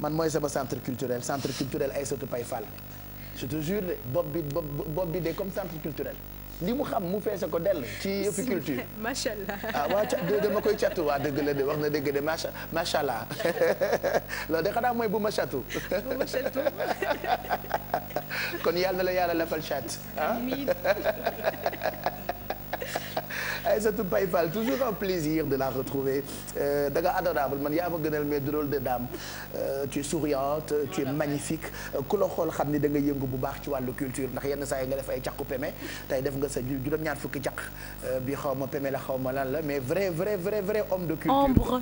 man mooy sama centre culturel centre culturel Aïssatou Paye Fall je te jure de bopp bi de comme centre culturel li mu xam mu feese ko dell ci yëpp culture macha allah ah ma koy catu waa dëgg de wax na dëgg de macha macha allah loolu de xanaa mooy bu ma catu kon yàlla la yàlla lafal chat ah Aïssatou Paye Fall toujours un plaisir de la retrouver euh, man yaa ma gënal mais drôle de dame euh, tu es souriante tu es magnifique euh, ku la xool xam ni da nga yëngu bu baax ci wàllu culture ndax yenn saa yi nga def ay càqu peme tey def nga sa juróom-ñaar fukki caq bi xaw ma peme la xaw ma lan la mais vrai vrai vrai vrai homme de culture. ombre.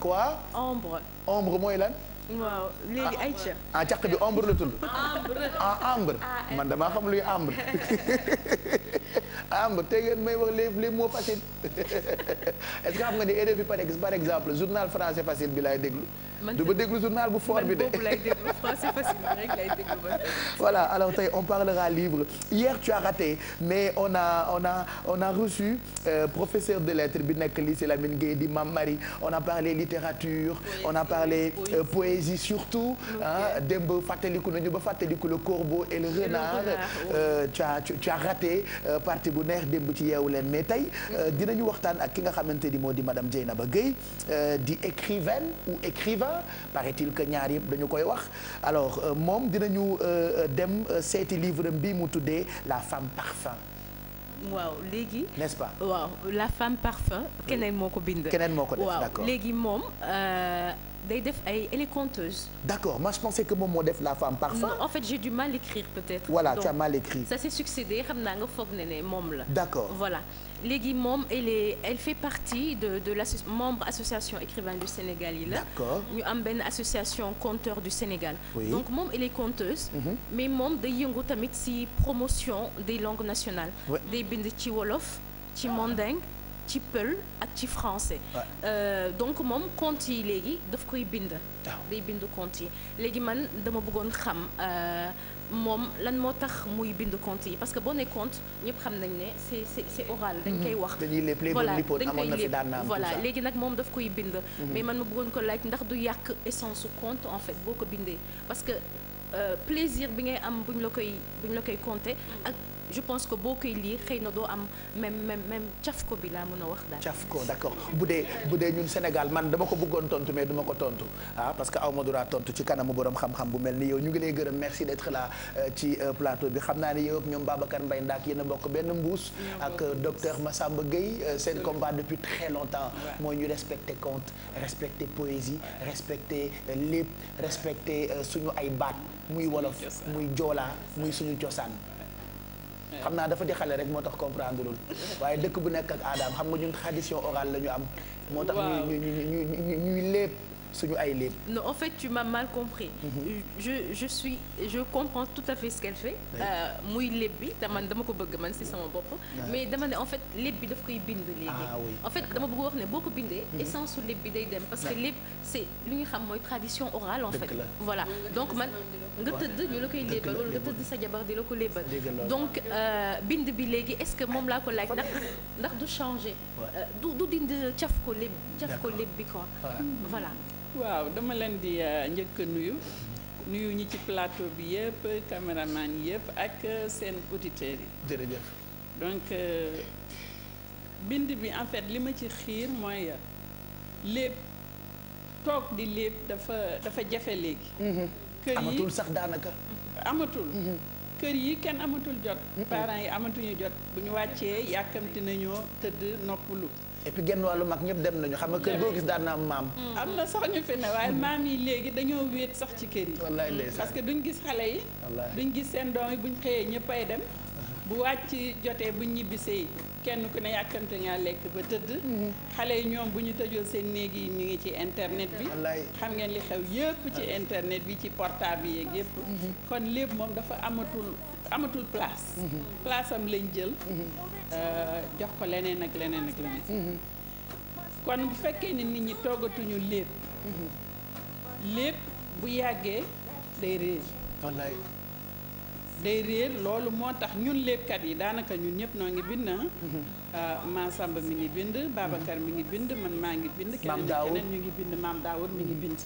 quoi. ombre. ombre mooy lan. waaw ah, caq ah, bi ombre la tudd. ombre ambre ah, man damaa xam luy ambre. ah ba tey ngeen may wax les les mots faciles est a que xam nga ni par exemple journal français facile bi laay déglu. man du ma déglu journal bu fort bi voilà alors tey on parlera livre hier tu as raté mais on a on a on a reçu euh, professeur de lettres bi nekk lycée Lamine Gueye di Mame on a parlé littérature. Poésie, on a parlé euh, poésie, surtout. ah démb fàttaliku nañu ba fàttaliku le corbeau et le renard. Euh, tu as tu partie bu neex démb ci yeewu leen mais tey mm. danañu waxtaan ak ki nga xamante ni moo di madame ba Gueye euh, di écrivaine ou écrivain paraît-il que ñaar yëpp dañu koy wax alors euh, moom dina dinañu euh, dem seeti livre bi mu tuddee la femme parfum waaw léegi. n'est-ce pas waaw la femme parfum keneen moo ko bind. keneen moo ko def d'accord léegi moom. day def ay elle est conteuse. d'accord moi je pensais que moom moo def la femme par non en fait j'ai du mal écrire peut-être. voilà tu as succédé xam naa nga ne moom la. d'accord voilà léegi moom elle est elle fait partie de de l'asso membre association écrivain du Sénégal yi la. d'accord ñu am benn association conteur du Sénégal. Oui. donc moom elle est conteuse. Mhm. mais moom day yëngu tamit ci promotion des langues nationales. day bind ci wolof ci mandingue. ci pël ak ci français. Euh, donc moom compte yi léegi daf koy bind. day bind compte yi léegi man dama bëggoon xam euh, moom lan moo tax muy bind compte yi parce que boo nee compte ñëpp xam nañ ne c'est c'est c'est oral. dañ koy mhm. wax dañuy lépp voilà léegi nag moom daf koy bind. Mhm. mais man ma bëggoon ko laaj ndax du yàq essence su compte en fait boo ko bindee parce que euh, plaisir bi ngay am bu ñu la koy bu ñu la koy compter ak. je pense que boo koy lii xëy na doo am même même même caf ko bi laa mën a wax daal. caf ko d'accord bu dee bu dee ñun Sénégal man dama ko bëggoon tontu mais duma ko tontu ah parce que aw ma dura tontu ci kanamu borom xam-xam bu mel ni yow ñu ngi lay gërëm merci d'être là euh, ci euh, plateau bi xam naa ne yow ak ñoom Babacar mbay Ndaak yéen a bokk benn mbuus. ak euh, docteur ma Massamba Gueye seen combat depuis très longtemps. mooy ñu respecter conte respecter poésie respecter lépp respecter suñu ay baat muy wolof muy joolaa muy suñu cosaan. xam naa dafa di xale rek moo tax comprendre lul waaye dëkk bu nekk ak aadaam xam nga ñun tradition orale la ñu am moo tax ñuy ñuy lépp suñu ay léeb. non en fait tu m'as mal compris. Mm -hmm. je je suis je comprends tout à fait ce qu'elle fait. Euh, muy léeb bi te man dama ko bëgg man si sama bopp. mais dama ne en fait léeb bi daf koy bind léegi. Ah en fait dama bëgg wax ne boo ko bindee. Mm-hmm. essence su léeb bi day dem parce que léeb c'est lu ñu xam mooy tradition orale en fait. voilà donc man nga tëdd ñu la koy léebal wala nga tëdd sa jabar di la ko léebal. donc euh, bind bi léegi est-ce que moom laa ko laaj ndax ndax du changer. Euh, du du dindi caf ko léeb caf ko léeb bi quoi voilà. waaw dama leen di euh, njëkk a nuyu nuyu ñi ci plateau bi yëpp caméraman yëpp ak euh, seen auditeurs yi. jërëjëf. donc euh, bind bi en fait li ma ci xiir mooy lépp toog di lépp dafa dafa jafe léegi. Mhm. kër amatul sax daanaka. amatul. Mhm. kër yi kenn amatul jot. Mhm. parent yi amatuñu jot bu ñu wàccee yàkkamti nañoo tëdd noppulu et puis genn wàllu mag ñëpp dem nañu xam nga kër boo gis daan na am maam. Mm. am na sax ñu fi ne waaye maam yi léegi dañoo wéet sax ci kër yi. wallaay ndeysaan parce que duñ gis xale yi. duñ gis seen doom yi buñ xëyee ñëppay dem. Uh-huh. bu wàcc jotee buñ ñibbisee kenn ku ne yàkkamte ngaa lekk ba tëdd. Mm-hmm. xale yi ñoom bu ñu tëjoo seen néeg yi ñu ngi ci internet bi. xam ngeen li xew yëpp ci internet bi ci portable yeeg yëpp. Mm-hmm. kon lépp moom dafa amatul. amatul place mhm. place lañ jël mhm. euh, jox ko leneen ak leneen ak mhm. kon bu fekkee ni nit ñi toggatuñu lépp lépp bu yàggee day réer day réer loolu moo tax ñun léebkat yi daanaka ñun ñëpp noo ngi bind ah. euh, ma Samba mi ngi bind Babacar mi ngi bind man maa ngi bind keneen keneen ñu ngi bind Maam Daawur mi ngi bind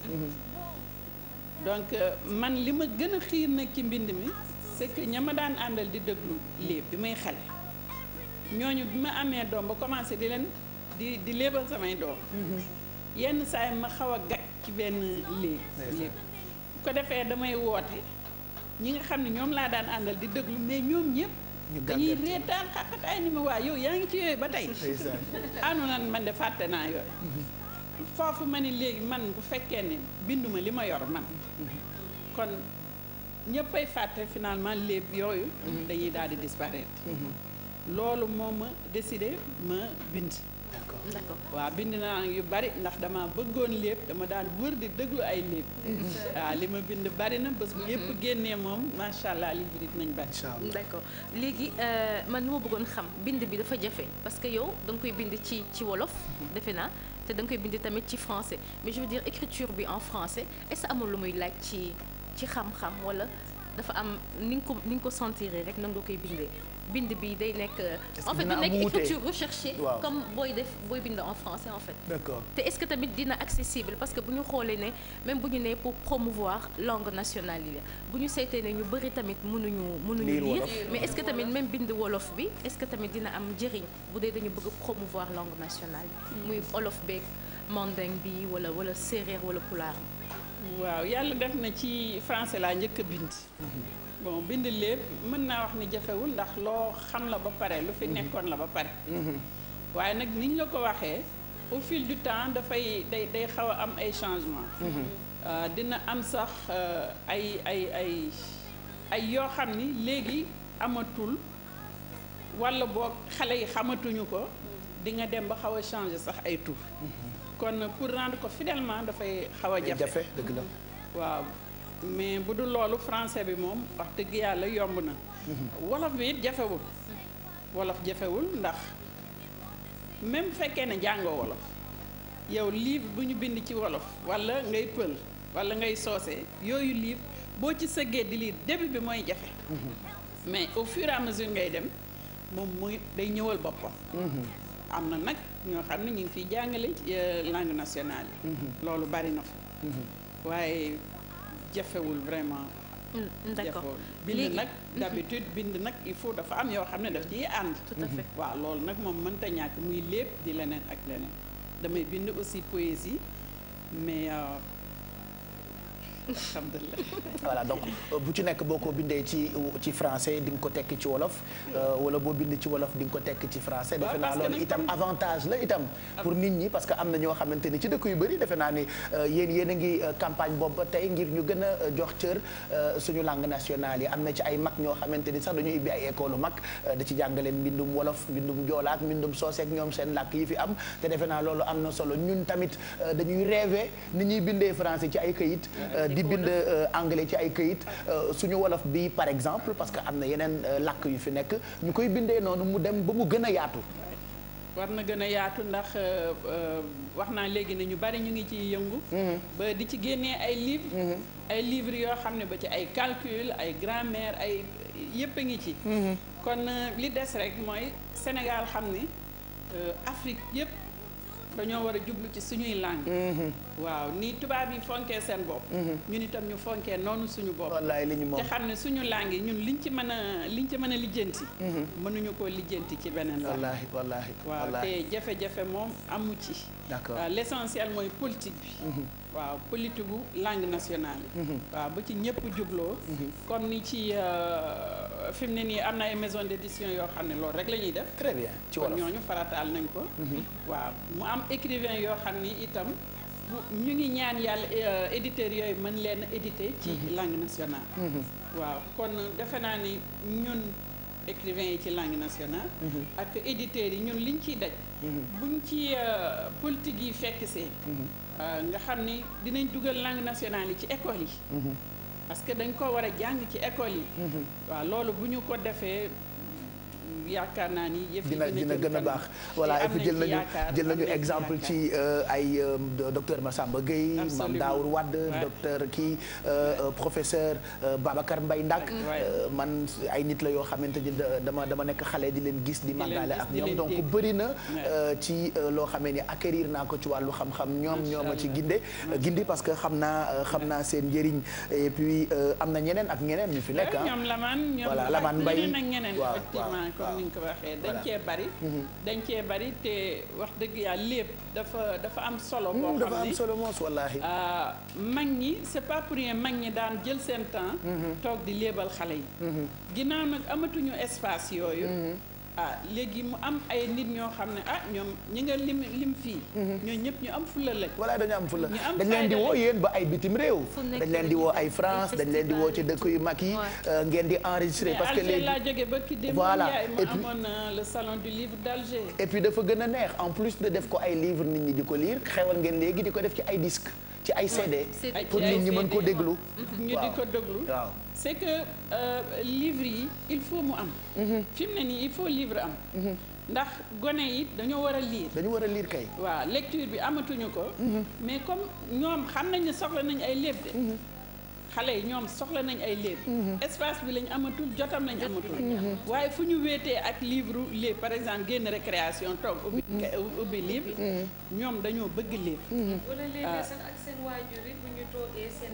donc euh, man li ma gën a xiir nag ci mbind mi c'est que ña ma daan àndal di déglu léeb bi may xale ñooñu bi ma amee doom ba commencé di leen di di léebal samay doom mhm. yenn saay ma xaw a gag ci benn léeb léeb bu ko defee damay woote ñi nga xam ne ñoom laa daan àndal di déglu mais ñoom ñëpp dañuy reetaan xaqataay ni ma waa yow yaa ngi ci yooyu ba tey anu nan man de fàtte naa yooyu mhm. foofu ma ni léegi man bu fekkee ne binduma li ma yor man mhm. kon ñëppay fàtte finalement léeb yooyu mhm. dañuy daal di disparaître mhm. loolu moom ma décidé ma bind d'accord waaw bind naa yu bari ndax dama bëggoon lépp dama daan wër di déglu ay lépp mhm. waaw li ma bind bari na bés bu yépp génnee moom macha allah li birit nañ bari d'accord léegi euh, man li ma bëggoon xam bind bi dafa jafe parce que yow da nga koy bind ci ci wolof defe naa te da nga koy bind tamit ci français mais je veux dire écriture bi en français est-ce que amul lu muy laaj ci ci xam-xam wala dafa am ni nga ko ni nga ko sentiree rek nan nga koy bindee bind bi day nekk. Euh, en fait du nekk écriture recherchée comme booy def booy bind en français en fait. d'accord te est que tamit dina accessible parce que bu ñu xoolee ne même bu ñu nee pour promouvoir langue nationale yi bu ñu seetee ne ñu bëri tamit mënuñu mënuñu lire mais est que tamit même bind wolof bi est-ce que tamit dina am njëriñ bu dee dañu bëgg promouvoir langue nationale yi muy hmm. wolof beeg mandeng bi wala wala séeréer wala pulaar waaw yàlla def na ci français laa njëkk a bind. bon bind lépp mën naa wax ni jafewul ndax loo xam la ba pare lu fi mhm. nekkoon la ba pare. Mhm. waaye nag niñ la ko waxee au fil du temps dafay day day xaw a am ay changement mhm. euh, dina am sax euh, ay ay ay ay yoo xam ni léegi amatul walla boo xale yi xamatuñu ko di nga dem ba xaw a changer sax ay tur kon pour rendre ko fidèlement dafay xaw a jafe dëgg la waaw mais bu dul loolu français bi moom wax dëgg yàlla yomb na wolof bi it jafewul wolof jafewul ndax même fekkee ne jàngoo wolof yow livre bu ñu bind ci wolof walla ngay pël walla ngay soose yooyu livre boo ci sëggee di lire début bi mooy jafe mais au fur et à mesure ngay dem moom muy day ñëwal boppam mhm. am na nag ñoo xam ne ñu ngi fiy jàngale euh, langue nationale yi mm-hmm. loolu bari na fa mm-hmm. waaye jafewul vraiment mm, mm, d'accord bind nag mm-hmm. d'habitude bind nag il faut dafa am yoo xam ne daf ciy ànd tout waaw loolu nag moom mënta ñàkk muy lépp di leneen ak leneen damay bind aussi poésie mais euh, alhamdulilah voilà donc euh, bu ci nekk boo ko bindee ci ci français di nga ko tekki ci wolof euh, wala boo bind ci wolof di nga ko tekk ci français defe naa loolu itam avantage la itam ah. pour nit ñi parce que am na ñoo xamante ni ci dëkk yu bëri defe naa ni euh, yéen yéen a ngi campagne boobu tey ngir ñu gën a jox cër suñu langue nationale yi am na ci ay mag ñoo xamante ni sax dañuy ibbi ay école mag da ci jàngale mbindum wolof mbindum joolaak mbindum sooseek ñoom seen làkk yi fi am te defe naa loolu am na solo ñun tamit dañuy rêver ñuy bindee français ci ay këyit di bind euh, anglais ci ay kayit këyit euh, suñu wolof bi par exemple parce que am na yeneen euh, lakk yu fi nekk ñu koy bindee noonu mu dem ba mu gën a yaatu war na gën a yaatu ndax wax naa léegi ne ñu bari ñu ngi ciy yëngu mm-hmm. ba di ci génnee ay livre mm-hmm. ay livres yoo xam ne ba ci ay calcul ay grammaire ay yëpp a ngi ci mm-hmm. kon li des rek mooy Sénégal xam ni Afrique yëpp dañoo war a jublu ci suñuy langue mm-hmm. waaw ni tubaab yi fonkee seen bopp mm-hmm. ñun itam ñu fonkee noonu suñu bopp wallaay li ñu moom te xam ne suñu langue yi ñun liñ ci mën a liñ ci mën a lijjanti mm-hmm. mënuñu koo lijjanti ci beneen la wallaahi wallaahi waaw te jafe-jafe moom amu ci d'accord l'essentiel mooy politique bi waaw politique bu langue nationale yi waaw bu ci ñëpp jubloo comme ni ci euh, fi ne nii am na ay maison d'édition yoo xam ne loolu rek la ñuy def. très bien ci wolof ñooñu farataal nañ ko. Mhm. waaw mu am écrivain yoo xam ni itam. ñu ngi ñaan yàlla euh, éditeurs yooyu mën leen a éditer ci mhm. langue nationale. Mhm. waaw kon defe naa ni ñun écrivains yi ci langue nationale. ak éditeurs yi ñun liñ ciy daj. buñ ci euh, politique yi fekk see. Euh, nga xam ni dinañ dugal langue nationale yi ci école yi. parce que dañ ko war a jàng ci école yi mm-hmm. waaw loolu bu ñu ko defee yaakaar naa ni yëf dina dina gën a baax voilà et jël nañu jël nañu exemple ci euh, ay euh, docteur Massamba Gueye Mame Daour Wade docteur kii euh, professeur Babacar mbay Ndak man ay nit la yoo xamante ni dama dama nekk xale di leen gis di màggaale ak ñoom donc bëri na ci loo xamee ni acquérir naa ko ci wàllu xam-xam ñoom ñooma ci ginde gindi parce que xam naa xam naa seen njëriñ et am na ñeneen ak ñeneen ñu fi nekk ah voilà Lamane waaw ni nga ko waxee dañ cee bari mm-hmm. dañ cee bari te wax dëgg yàlla lépp dafa dafa am solo boo mm, xam ne dafa am solo moos wallaahi euh, mag ñi c'est pas pour mag ñi daan jël seen temps mm-hmm. toog di léebal xale yi mm-hmm. ginnaaw nag amatuñu espace yooyu ah léegi mu am ay nit ñoo xam ne ah ñoom ñi nga lim lim fii. Mhm. ñooñu ñëpp ñu am fula lañ. walaay dañu am fula dañ leen di woo yéen ba ay bitim réew. dañ leen di woo ay France dañ leen di woo ci dëkk yu mag yi. Euh, ngeen di enregistré parce que léegi. laa jógee ba ki dem voilà mu amoon euh, le salon du livre d'Alger. et dafa gën a neex en plus de def ko ay livre nit ñi di ko liir xewal ngeen léegi di ko def ci ay disques. ci ay CD pour nit ñi mën ko déglu ñu di ko déglu waaw c'est que euh, livre yi il faut mu am mhm. fi mu ne nii il faut livre am mhm. ndax gone yi dañoo war a lire dañu war a lire kay waaw lecture bi amatuñu ko mhm. mais comme ñoom xam nañ ne soxla nañ ay léeb de xale yi ñoom soxla nañ ay léeb espace bi lañ amatul jotam nañ amatul waaye fu ñu wéetee ak livre léeb par exemple génn récréation toog ubbi ubbi livre ñoom dañoo bëgg léeb waajur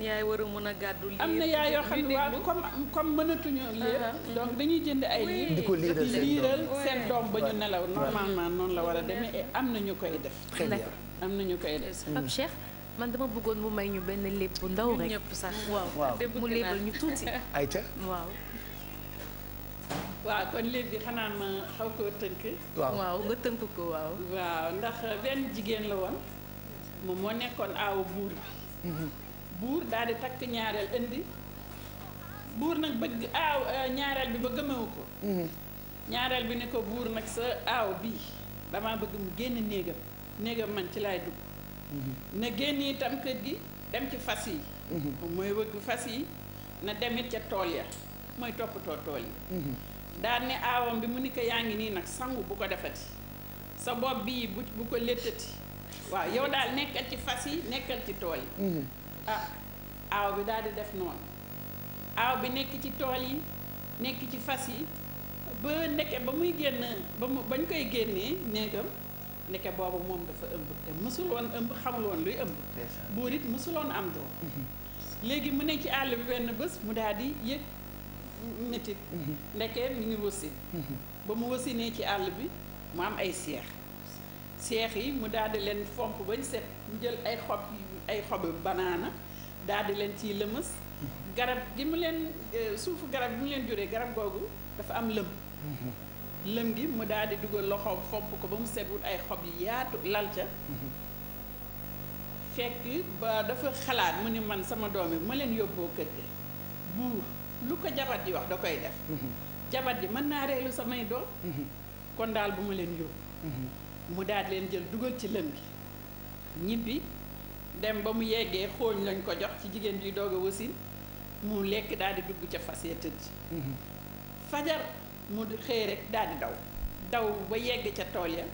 yaay war a mën a gàddu lii am na yaay yoo xam ne waaw comme comme mënatuñu lii donc dañuy jënd ay lii di ko liiral seen doom ba ñu nelaw normalement noonu la war a demee am na koy def très bien am na ñu koy Cheikh man dama bëggoon mu may ñu benn léeb bu ndaw rek ñëpp sax waaw mu ñu tuuti ayca waaw waaw kon gi xanaa ma xaw koo tënk waaw nga tënk ko waaw waaw ndax benn jigéen la woon moom moo nekkoon aaw buur bi mhm. buur daal di takk ñaareel indi buur nag bëgg aaw euh, ñaareel bi ba gëmewu ko mhm. ñaareel bi ne ko buur nag sa aaw bii dama bëgg mu génn néegam néegam man ci laay dugg mhm. na génn itam kër gi dem ci fas yi moom mooy wëgg fas yi na demit ca tool ya mooy toppatoo tool yi daal ne aawam bi mu ni ko yaa ngi nii nag sangu bu ko defati sa bopp bii bu bu ko léttati waaw yow daal nekkal ci fas yi nekkal ci tool yi mhm. ah aaw bi daal di def noonu aaw bi nekk ci tool yi nekk ci fas yi ba ndeke ba muy génn ba mu bañ koy génnee néegam ndeke boobu moom dafa ëmb te mësul woon ëmb xamul luy ëmb buur it mësul am doom mhm. léegi mu ne ci àll bi wenn bés mu daal di yëg métit mhm. ndeke mi ngi wëssin ba mu wëssinee ci àll bi mu am ay seex seex yi mu daal di leen fomp bañ set mu jël ay xob ay xobu banaana daal di leen ciy lëmës garab gi mu leen euh, suufu garab gi mu leen juree garab googu dafa am lëm lëm gi mu daal di dugal loxoom fomp ko ba mu set wut ay xob yi yaatu lal ca fekk ba dafa xalaat mu ni man sama doom yi ma leen yóbboo kër ga buur lu ko jabat yi wax da koy def jabat yi mën naa reelu samay doom uhuh. kon daal bu ma leen yóbbu uhuh. mu daal leen jël dugal ci lëm gi ñibbi dem ba mu yeggee xooñ lañ ko jox ci jigéen juy doog a wasin mu lekk daal di dugg ca fas ya tëdd mm-hmm. fajar mu xëy rek daal di daw daw ba yegg ca tool ya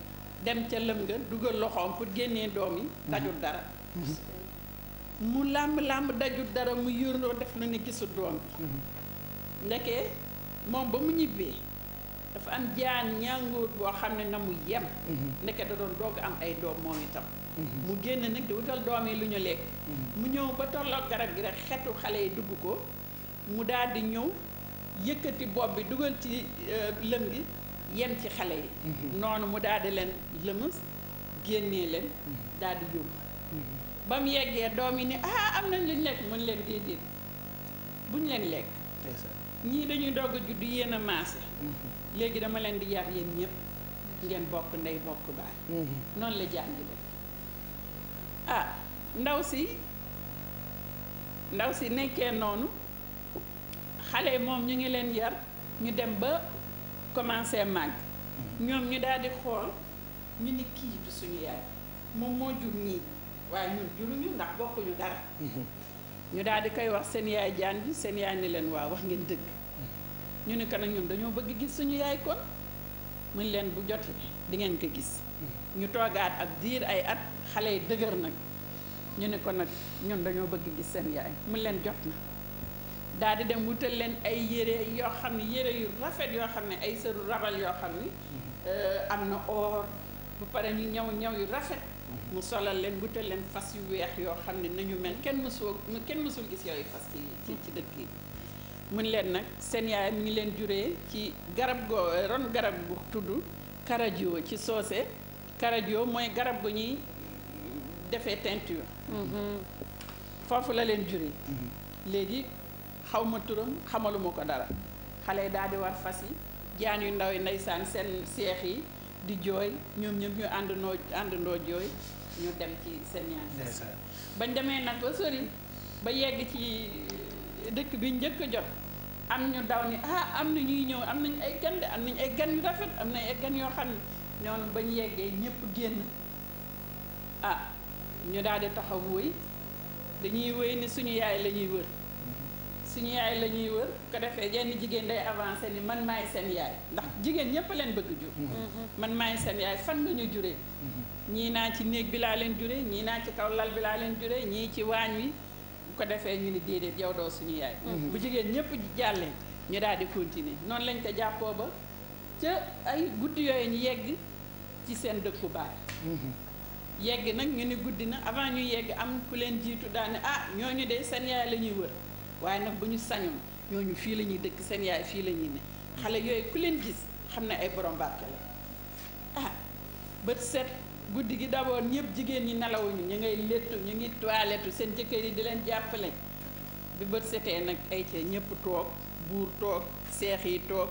dem ca lëm nga dugal loxoom pour génnee doom yi mm-hmm. dajul dara mm-hmm. mu làmb-làmb dajul dara mu yur noo def lu ne gisul doom bi ndeke moom ba mu ñibbee dafa am jaan ñàngoor boo xam ne na mu yem mhm. ndeke da doon doog am ay doom moom itam mhm. mu génn nag di wutal doom yi lu ñu lekk mhm. mu ñëw ba tolloog garab gi rek xetu xale yi dugg ko mu daal di ñëw yëkkati bopp bi dugal ci euh, lëm gi yem ci xale yi noonu mu daal di leen lëmës génnee leen daal yóbbu ba mu yeggee doom yi ni ah am nañ luñ lekk mën leen déedéet buñ leen lekk ñii dañuy dogg juddu yéen maase léegi dama leen di yar yéen ñëpp ngeen bokk ndey bokk baay mm-hmm. noonu la jàngi def ah ndaw si ndaw si nekkee noonu xale moom ñu ngi leen yar ñu dem ba commencé màgg mm-hmm. ñoom ñu daal di xool ñu ni kii du suñu yaay moom moo jur ñii waaye ñun juruñu ndax bokkuñu dara mm-hmm. ñu daal di koy wax seen yaay jaan bi seen yaay ni leen waaw wax ngeen dëgg ñu ne ko nag ñun dañoo bëgg gis suñu yaay kon mu leen bu jot di ngeen ko gis ñu toogaat ak diir ay at xale yi dëgër nag ñu ne ko nag ñun dañoo bëgg gis seen yaay mu leen jot na daal di dem wutal leen ay yére yoo xam ne yére yu rafet yoo xam ne ay sëru rabal yoo xam ne euh, am na or bu pare ñu ñaw ñaw yu rafet mu solal leen wutal leen fas yu weex yoo xam ne nañu mel kenn mësul kenn mësul gis yooyu fas ci ci dëkk yi mun leen nag seen yaay mi ngi leen jure ci garab go eh, ron garab gu tudd karajo ci soose karajo mooy garab gu ñuy defee teinture mm-hmm. foofu la leen juree mm-hmm. léegi xaw ma turam xamaluma ko dara xale yi daal di war fas yi jaan yu ndaw yi ndeysaan seen seex yi di jooy ñoom ñëpp ñu àndandoo àndandoo jooy ñu dem ci seen ñaan bañ demee nag ba sori ba yegg ci dëkk bi njëkk a jot am ñu daw ni ah am na ñuy ñëw am nañu ay gan de am nañu ay gan yu rafet am nañu ay gan yoo xam ne noonu ba ñu yeggee ñëpp génn ah ñu daal taxaw wëy dañuy wëy ni suñu yaay la ñuy wër suñu yaay lañuy ñuy wër ko defee jenn jigéen day avancé ni man maay seen yaay ndax jigéen ñëpp leen bëgg jur man maay seen yaay fan nga juree ñii naa ci néeg bi laa leen juree ñii naa ci kaw lal bi laa leen juree ñii ci waañ wi ko defee ñu ni déedéet yow doo suñu yaay mm-hmm. bu jigéen ñëpp jàllee ñu daal di continuer noonu lañ ko jàppoo ba ca ay guddi yooyu ñu yegg ci seen dëkku baay mm-hmm. yegg nag ñu ni guddi na avant ñu yegg am ku leen jiitu daane ah ñu de seen yaay la ñuy wër waaye nag bu ñu sañoon ñooñu fii la ñuy dëkk seen yaay fii la ne xale yooyu ku leen gis xam ne ay borom barke ah bët set guddi gi d'abord ñëpp jigéen ñi nelawuñu ñu ngay léttu ñu ngi toilette seen jëkkër yi di leen jàppale bi bët setee nag ay ca ñëpp toog buur toog seex yi toog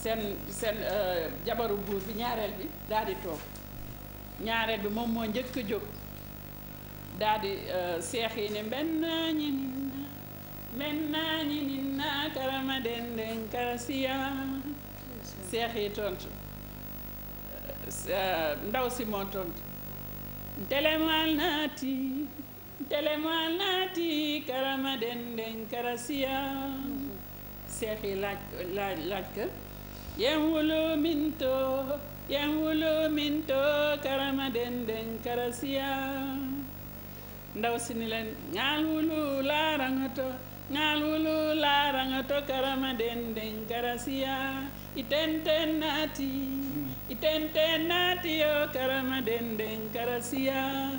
seen seen euh, jabaru buur bi ñaareel bi daal toog ñaareel bi moom moo njëkk a jóg daldi di euh, seex yi ne mbenn ñi ninna mbenn ñi ninna karama den den seex yi tontu ndaw si moo tontu delemal naati delemal naati karama den den karasiya seex yen wulu minto yen wulu minto karama den den ndaw si ni leen ŋaal wulu laaraŋato ŋaal wulu laaraŋato karama den den karasiya iten naati itenten naatiyo karama den den karasiya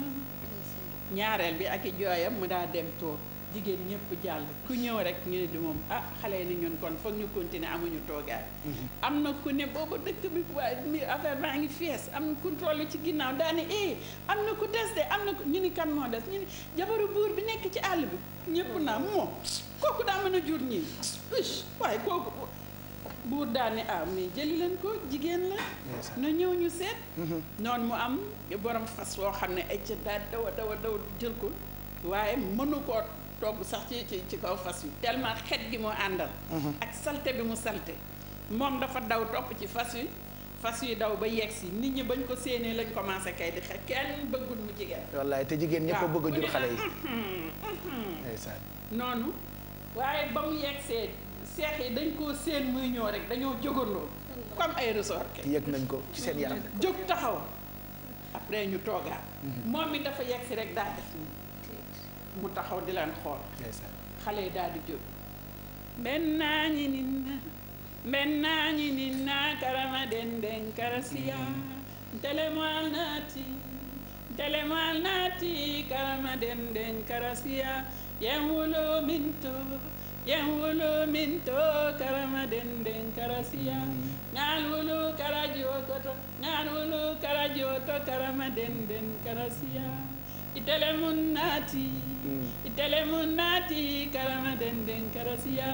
ñaareel bi ak i jooyam mu daa dem toog jigéen ñëpp jàll ku ñëw rek ñu ne di moom ah xale yi ni ñun kon foog ñu continuer amuñu toogaay mm-hmm. am na ku ne boobu dëkk bi waaye mi affaire baa ngi fees am ku tollu ci ginnaaw daane eh, am na ku des de am na ku ñu ni kan moo des ñu ni jabaru buur bi nekk ci àll bi ñëpp naa moom kooku daa mën a jur ñii waaye kooku buur daal ne ah mais jëli leen ko jigéen la. na ñëw ñu seet. Mm-hmm. noonu mu am borom fas woo xam ne ay ca daw a daw daw jël ko waaye mënu koo togg sax ci ci kaw fas wi tellement xet gi moo àndal. Mm-hmm. ak salte bi mu salte moom dafa daw topp ci fas wi fas wi daw ba yegg si nit ñi bañ ko séenee lañ commencé kay di xet kenn bëggul mu te jigéen ñëpp a bëgg a jur xale noonu waaye ba mu yegg seex yi dañ koo seen muy ñëw rek dañoo jógandoo comme ay resort yëg nañ ko ci seen yaram jóg taxaw après ñu toogaat mhm. moom mi dafa yegg si rek daa def mu taxaw di leen xool xale yi daal jóg mbenn naa ñi nit na mbenn naa ñi nit na karama den den karasiya ntelemal mhm. naati ntelemal naati karama den den karasiya yem yanwulu minto karama denden karasiya mm. ngalwulu karajokoto ngalwulu karajoto karama denden karasiya itele munnati mm. itele munnati karama denden karasiya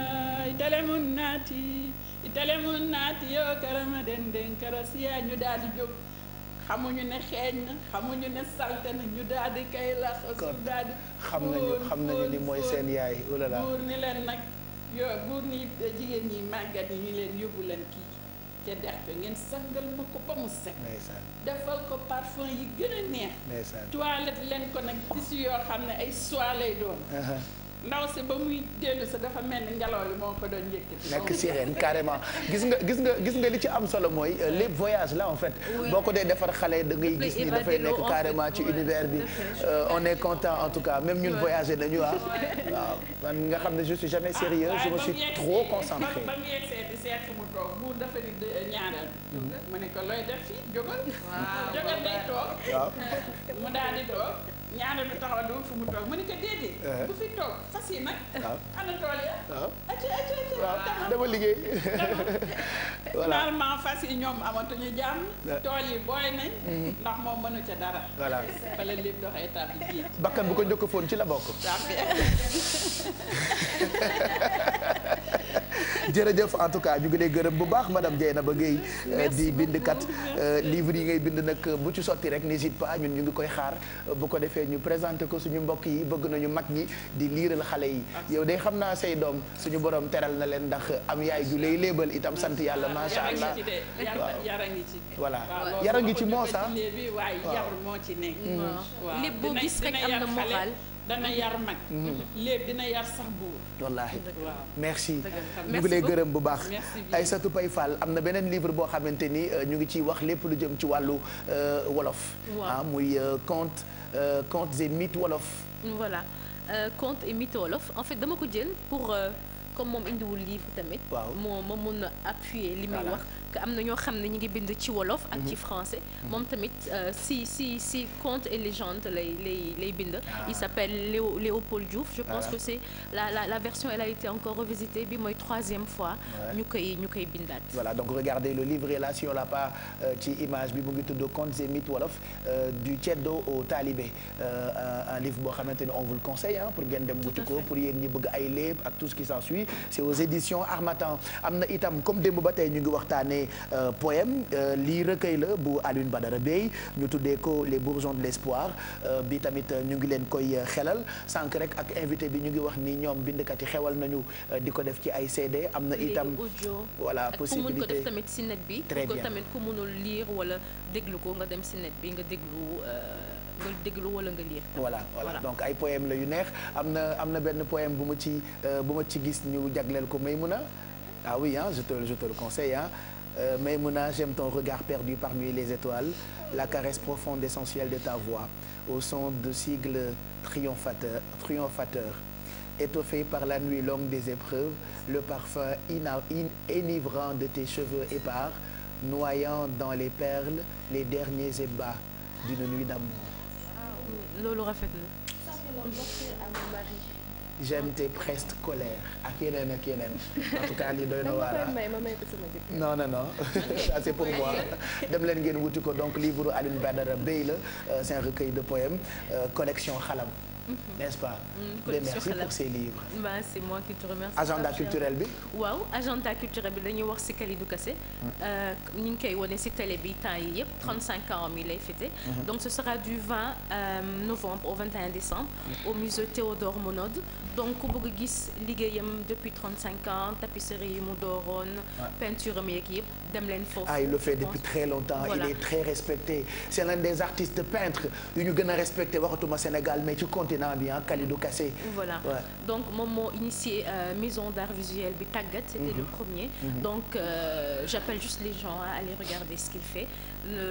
itele munnati itele munnati yo karama denden karasiya ñu daal xamuñu ne xeeñ na xamuñu ne salte na ñu daal di kay lax suuf daal di xam na xam nañu ni mooy seen yaay ulala oh buur ni leen nag yo buur ni jigéen ñi màggat yi ñu leen yóbbu leen kii ca dex bi ngeen sangal ma ko ba mu set defal ko parfum yi gën a neex toilette leen ko nag gis yoo xam ne ay soie doon ndaw si ba muy dellu sa dafa mel ngelaw li moo ko doon yëkkati. nekk sirène carrément gis nga gis nga gis nga li ci am solo mooy euh, les voyage la en fait. boo ko dee defar xale da ngay gis ni dafay nekk carrément ci univers bi. Euh, on est content en tout cas même ñun voyagé nañu ah. waaw man nga xam ne je suis jamais sérieux ah, je trop concentré. ba mu yegsee di seet fu mu toog bu dafa di ñaanal. mu mm-hmm. ne ko looy def fii jógal. waaw jógal day toog. waaw mu daal toog. ñaanal du taxaw du fu mu toog mu ne ko déedéet. Eh. bu fi toog fas yi mag. waaw ah. ana tool ya. Ah. waaw acca acca acca dama liggéey. voilà finalement fas yi ñoom amatuñu jàmm. Eh. tool yi booy nañ. Eh. ndax moom mënu ca dara. voilà bala lépp doxee tàbbi ji. bakkan bu ko njëkk foon ci la bokk. jërëjëf en tout cas ñu ngi lay gërëm bu baax madame na Gueye eh, di bindkat euh, livre yi ngay bind nag bu ci sotti rek n'hésite pas ñun ñu ngi koy xaar bu ko defee ñu présenté ko suñu mbokk yi bëgg nañu mag ñi di liiral xale yi yow day xam naa say doom suñu borom teral na leen ndax am yaay ju lay léebal itam sant yàlla macha allah voilà yara ngi ci ah. moo sax mm-hmm. waaw lépp boo gis rek am na moral dana yar mag. Mhm. léeb dina yar sax buur. wallaahi merci. ñu ngi lay gërëm bu baax. ay Aïssatou Paye Fall am na beneen livre boo xamante ni euh, ñu ngi ciy wax lépp lu jëm ci wàllu euh, wolof. ah muy euh, conte contes et wolof. voilà e et mythes wolof en fait dama ko jël pour comme moom indiwul livre tamit. waaw moo ma a appuyer li muy wax. que am na ñoo xam ne ñu ngi bind ci wolof ak ci mhm. français mhm. moom tamit euh, si si si conte et légende lay lay lay bind ah. il s'appelle Léopold Diouf je pense ah. que c'est la la la version elle a été encore revisitée bi mooy troisième fois ñu koy ñu koy bindaat voilà donc regardez le livre là si on l'a pas euh, ci image bi mu ngi tudd Contes et wolof euh, du Ceddo au Talibé un livre boo xamante ni on vous le conseille pour ngeen dem wuti ko pour yéen ñi bëgg ay léeb ak tout ce qui s'ensuit c'est aux éditions Harmattan ne euh, poème euh, lii recueil la bu Alioune Badara Bey ñu tuddee ko les bourgeons de l'espoir euh, bi tamit ñu ngi leen koy xelal sànq rek ak invité bi ñu ngi wax ni ñoom bindkat yi xewal nañu di ko def ci ay CD am na itam voilà possibilité ko si net bi très bien tamit ku mënul lire wala déglu ko nga dem si net bi nga déglu nga déglu wala nga lire voilà voilà donc ay poème la yu neex am na am na benn poème bu ma ci bu ma ci gis ñu jagleel ko may mun a ah je te je te le conseille ah Euh, Maïmouna, j'aime ton regard perdu parmi les étoiles, la caresse profonde essentielle de ta voix, au son de sigles triomphateurs, triomphateur, étoffé par la nuit longue des épreuves, le parfum ina, in, enivrant de tes cheveux épars, noyant dans les perles les derniers ébats d'une nuit d'amour. j'aime tes prestes colères ak yeneen ak yeneen en tout cas lii doy na waara non non non ça c'est pour moi dem leen ngeen wuti ko donc livre Alioune Badara Bèye la euh, c'est un recueil de poèmes euh, collection xalam Mm-hmm. n'est-ce pas mm, mais merci pour ces livres bah, c'est moi qui te remercie agenda culturel bi waaw agenda culturel bi dañuy wax ci Kalidou Kassé mm. euh, ñu ngi koy wone ci télé bi temps yi yëpp 35 ans mi lay fêté mm-hmm. donc ce sera du 20 euh, novembre au 21 décembre au musée Théodore Monod donc ku bëgg gis liggéeyam depuis 35 ans tapisserie yi mu dooroon peinture am yeeg yëpp dem leen foofu ah il le fait depuis très longtemps voilà. il est très respecté c'est l'un des artistes peintres yu ñu gën a respecté waxatuma Sénégal mais ci continent bi ah Kalidou mm. Kassé voilà ouais. donc moom moo initié euh, maison d'art visuel bi tàggat c'était mm -hmm. le premier mm -hmm. donc euh, j'appelle juste les gens à aller regarder ce qu'il fait le,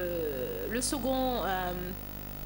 le second euh,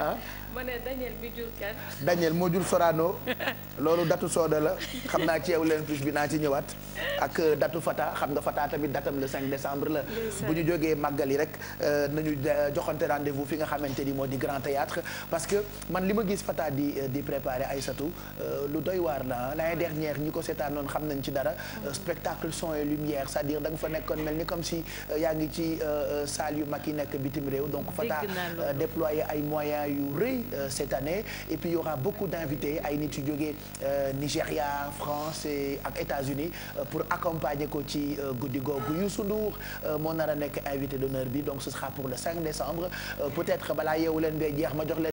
ah ma ne Daniel moo jur Sorano loolu datu sooda la xam naa ci Olympique bi naa ci ñëwaat ak euh, datu Fata xam nga Fata tamit datam la 5 décembre la. bu ñu jógee màggal yi rek euh, nañu euh, joxante rendez-vous fi nga xamante ni moo di Grand Théâtre parce que man li ma gis Fata di di préparer Aïssatou lu doy waar la l'année dernière ñi ko seetaan seetaanoon xam nañ ci dara. spectacle son et lumière c'est-à-dire da fa nekkoon mel ni comme si yaa ngi ci salle yu mag yi nekk bitim réew donc moyens yu rëy euh, cette année et puis il y aura beaucoup d'invités ay nit yu jógee euh, Nigéria France ak États-Unis euh, pour accompagner ko ci guddi googu Youssou Ndour moo nar a nekk invité d'honneur bi donc ce sera pour le décembre peut-être balaa yeewu leen ba jeex ma jox leen